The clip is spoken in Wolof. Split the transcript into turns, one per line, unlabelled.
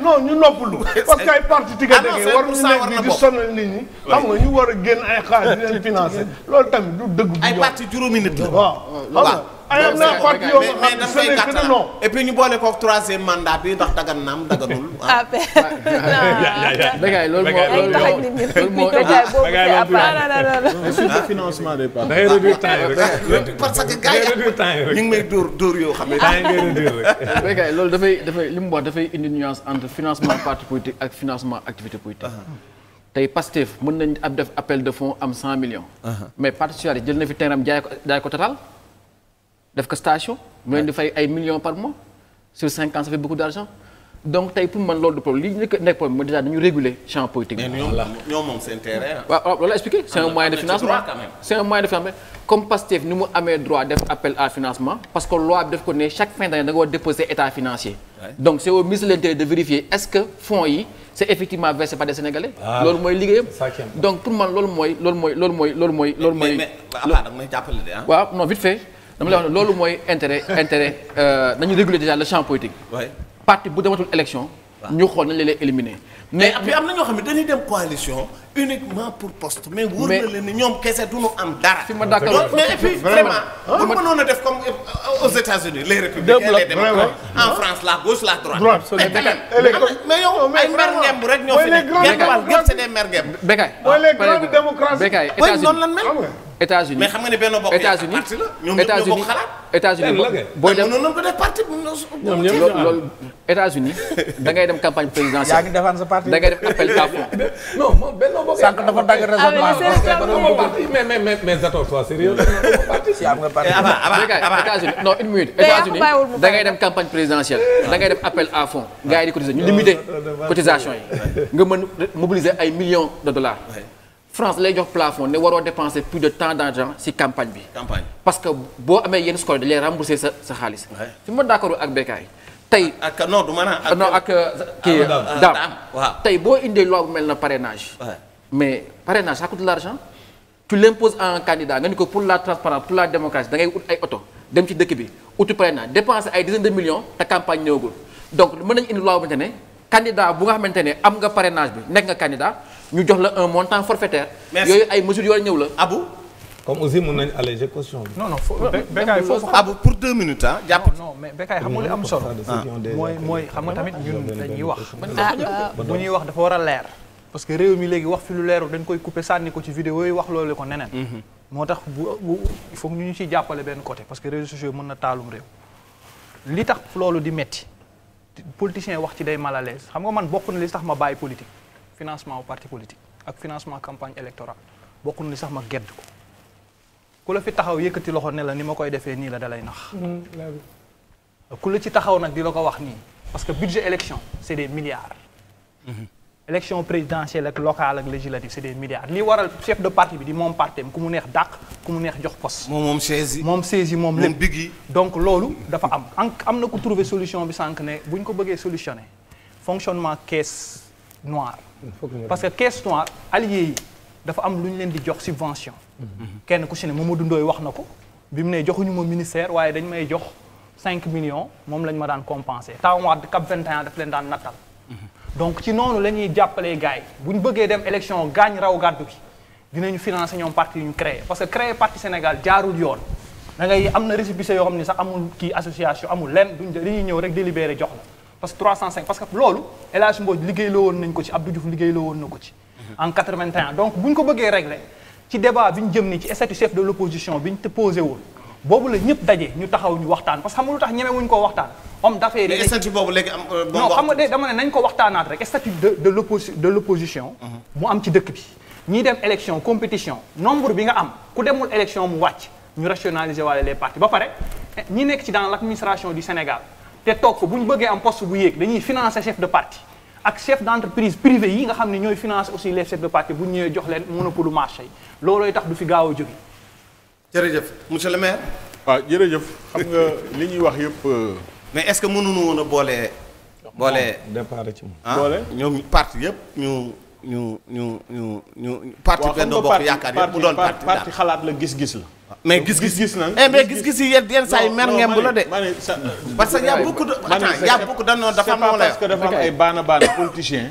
non ñu noppalu parce que ay parti ticket yi ah war ñu nekk di sonal nit ñi xam nga ñu war a génn ay xaalis di leen financer loolu tamit du dëgg ay parti juróomi nit la ayam naa fàtte boole koog troisième mandat bi ndax dagan naam daganul. ah mais ah, ah, non non. loolu moo des partis. da ngay réduire temps yi rek. parce may dóor dóor yoo xam ne. Ah, temps yi dafay dafay li mu wax dafay indi nuance entre financement parti politique ak financement activité politique. tey Pastef mën nañ ab def appel de fonds am 100 millions. mais parti socialiste jël na fi terrain jaay ko jaay ko total. def ko station. mu leen di fay ay millions par mois sur cinq ans ça fait beaucoup d' argent donc tey pour man loolu du problème li ñu nekk problème mooy déjà dañu réguler champ politique. mais ñoom ñoom moom seen terrain. waaw waaw loolu la expliqué. c' est un de financement c' est un de financement comme Pastef ni mu amee droit def appel à financement parce que loi bi daf ko ne chaque fin d' état financier. donc c' est au l' intérieur de vérifier est ce que fonds yi c' ah. est dama lay wax ne loolu mooy intérêt intérêt euh, nañu réguler déjà le champ politique. waay parti bu dematul élection. ñu xool nañ leen éliminer. mais mais am na ñoo xam ne dañuy dem coalition uniquement pour poste. mais wóor na leen ni ñoom kese du ñu am dara. fi ma d'accord mais et puis vraiment. bu mënoon a def comme euh,
aux États-Unis les républicains les démocrates en
France la gauche la
droite. mais
mais yow ay mooy les ah, grandes démocraties mooy États-Unis États-Unis mais xam nga ne benn bokk États-Unis parti la ñoom ñoo bokk xalaat États-Unis booy dem mënoon nañ ko def parti ñoom ñëpp loolu États-Unis da ngay dem campagne présidentielle yaa ngi defaan sa parti da ngay def appel à fond non moom benn bokk sànq dafa dagg raisonnement ah, parti mais mais mais mais Zator sois sérieux parti si am nga parti eh, États-Unis non une minute États-Unis da ngay dem campagne présidentielle da ngay def appel à fond gars yi di cotiser ñu limiter cotisation yi nga mën mobiliser ay millions de dollars France lay jox plafond ne waroo dépenser plus de temps d' argent campagne bi. parce que boo amee yenn score dañ lay rembourser sa sa xaalis. fi ma d' accord ak Bécaye tey a. non ak euh, euh, ah, euh, ah, boo indee loi bu mel na parrainage. mais parrainage ça coûte de l' argent. tu l' en à un nga ni ko pour la transparence pour la démocratie da ngay ut ay oto dem ci dëkk bi uti parrainage dépenser ay dizaine de millions te campagne ñëwagul donc mën nañu indi loi bu xamante ne candidat am nga parrainage bi nekk nga ñu jox la un montant forfaitaire. yooyu ay mesures yoo ñëw la abu.
comme aussi mën nañu alléger caution bi. non non Bécaye foofu abu pour deux minutes ah no mais Bécaye xam nga li am solo. mooy mooy xam nga tamit ñun dañuy wax. bu ah, ñuy wax dafa war a leer. parce que réew mi léegi wax fi lu leerul dañ koy couper sànni ko ci vidéo yi wax loolu ko neneen. Mhm. moo tax bu bu il faut ñu ñu ciy jàppale benn côté parce que réseaux sociaux mën na taalum réew. li tax loolu di metti politiciens wax ci day mal à xam nga man bokk na li ma bàyyi politique. financement wu parti politique ak financement campagne électorale bokk na sax ma gedd ko ku la fi taxaw yëkkati loxo ne la ni ma koy defee nii la dalay nax mm, ku la ci taxaw nag di la ko wax nii parce que budget élection c'est des milliards mhm. élection présidentielle ak locale ak législative c'est des milliards li waral chef de parti bi di moom partem ku mu neex dàq ku mu neex jox post moom moom saisi moom saisi moom lépp big yi donc loolu dafa am an am na ku trouver solution bi sànq ne bu ñu ko bëggee solutionner fonctionnement caisse noire parce que caisse noire alliés yi dafa am lu ñu leen di jox subvention. Mhm. kenn ku si ne Mamadou Ndoye wax na ko bi mu ne joxuñu ma ministère waaye dañ may jox 5 millions moom lañ ma daan compensé taawaat cap 21 daf leen daan nattal. Mhm. donc ci noonu la ñuy jàppalee gars yi bu ñu bëggee dem élection gaañ raw gàddu gi dinañu financer ñoom parti yu ñu créé parce que créer parti Sénégal jaarul yoon. da am na récépissé yoo xam ne sax amul kii association amul lenn duñ dañuy ñëw rek délibéré jox la. parce que 305 parce que loolu El Hadj Mbodj liggéeyloo woon nañ ko ci Abdou Diouf liggéeyloo woon na ko ci. en 81 donc bu ñu ko bëggee régler ci débat bi ñu jëm nii ci statut chef de l' bi ñu te posé woon boobu la ñëpp daje ñu taxaw ñu waxtaan parce que xam nga lu tax ñeme wuñ ko waxtaan. homme d'affaires yi mais statut boobu léegi am. Euh, ko waxtaanaat rek statut de de l' opposi de mu am ci dëkk bi. ñiy dem élection compétition nombre bi nga am ku demul élection mu wàcc ñu rationaliser waale les partis ba pare eh, nekk ci dans l' administration du Sénégal te toog fa bu ñu bëggee am poste bu yéeg dañuy financer chef de parti ak chef d' entreprise privé yi nga xam ne ñooy finance aussi les chefs de parti bu ñu ñëwee jox leen monopole marché yi loolooy tax du fi gaaw a jóge. jërëjëf monsieur le maire.
waaw ah, jërëjëf xam nga li ñuy wax yëpp. Euh, mais est ce que mënuñu woon a boole. boole départ ci moom ah, boole ñoom parti yëpp ñu. ñu ñu ñu ñu parti benn bokk yaakaar yëpp mu doon parti xalaat la gis-gis la.
mais gis-gis gis nañ eh, mais gis-gis yi yenn saa yi mer ngeen bu la de. parce que y' a beaucoup de attends y' a beaucoup de dafa am. lay wax c'est baana baana politiciens.